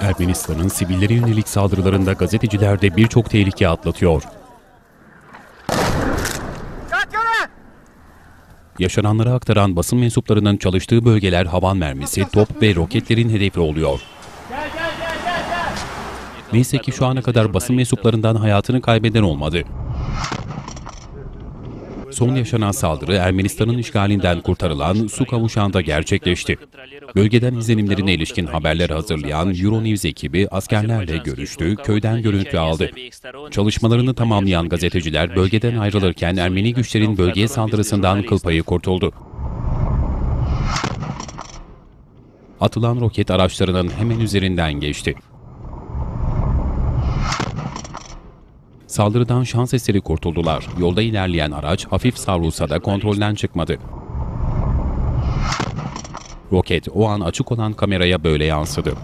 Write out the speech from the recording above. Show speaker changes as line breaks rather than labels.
Ermenistan'ın sivillere yönelik saldırılarında gazeteciler de birçok tehlike atlatıyor. Yaşananları aktaran basın mensuplarının çalıştığı bölgeler havan mermisi, top ve roketlerin hedefi oluyor. Neyse ki şu ana kadar basın mensuplarından hayatını kaybeden olmadı. Son yaşanan saldırı Ermenistan'ın işgalinden kurtarılan su kavuşağında gerçekleşti. Bölgeden izlenimlerine ilişkin haberler hazırlayan Euronews ekibi askerlerle görüştü, köyden görüntü aldı. Çalışmalarını tamamlayan gazeteciler bölgeden ayrılırken Ermeni güçlerin bölgeye saldırısından kıl payı kurtuldu. Atılan roket araçlarının hemen üzerinden geçti. Saldırıdan şans eseri kurtuldular. Yolda ilerleyen araç hafif savrulsa da kontrolden çıkmadı. Roket o an açık olan kameraya böyle yansıdı.